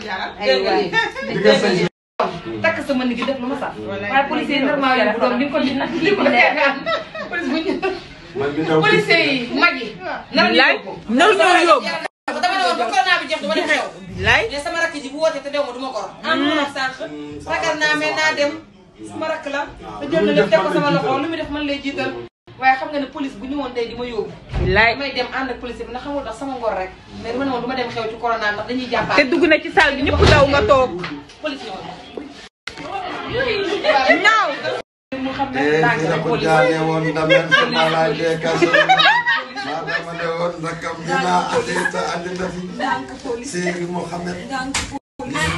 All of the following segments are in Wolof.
jaral. aywaay takk sa mën gi def lu ma sax. Mm. waaye policier yi normal yi bu doon di ko di nag lii ko leer police bu ñu. policier yi mag yi. nar nañu ko nar nañu yóbbu. dama ne woon bu corona bi jeex dama def xew. mais sama rakk ji bu te dew ma du ma mm. am na sànq mm, ragal naa mais naa dem. sama rakk la. te jël na lépp teg ko sama loxo lu mu def man lay jiital. waaye xam nga ne police bu ñëwoon tey di ma yóbbu. laay may dem ànd ak police bi na xamul ndax sama ngor rek. mais ma dem xew ci corona ndax dañuy jàppaat. te dugg na ci salle bi ñëpp daw nga toog. police ñëwoon. ñaaw. police eh, bi woon ndamer sama laaj de kaso. maa dama ne woon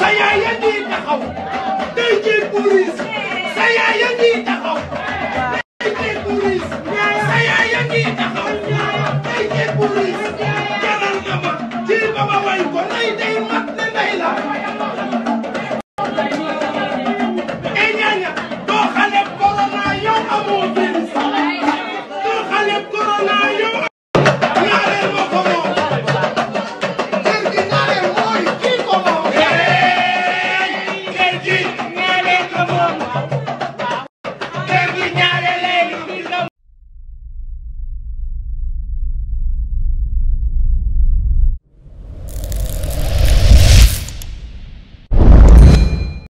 Sayaya ngi taxaw. Sayaya ngi taxaw.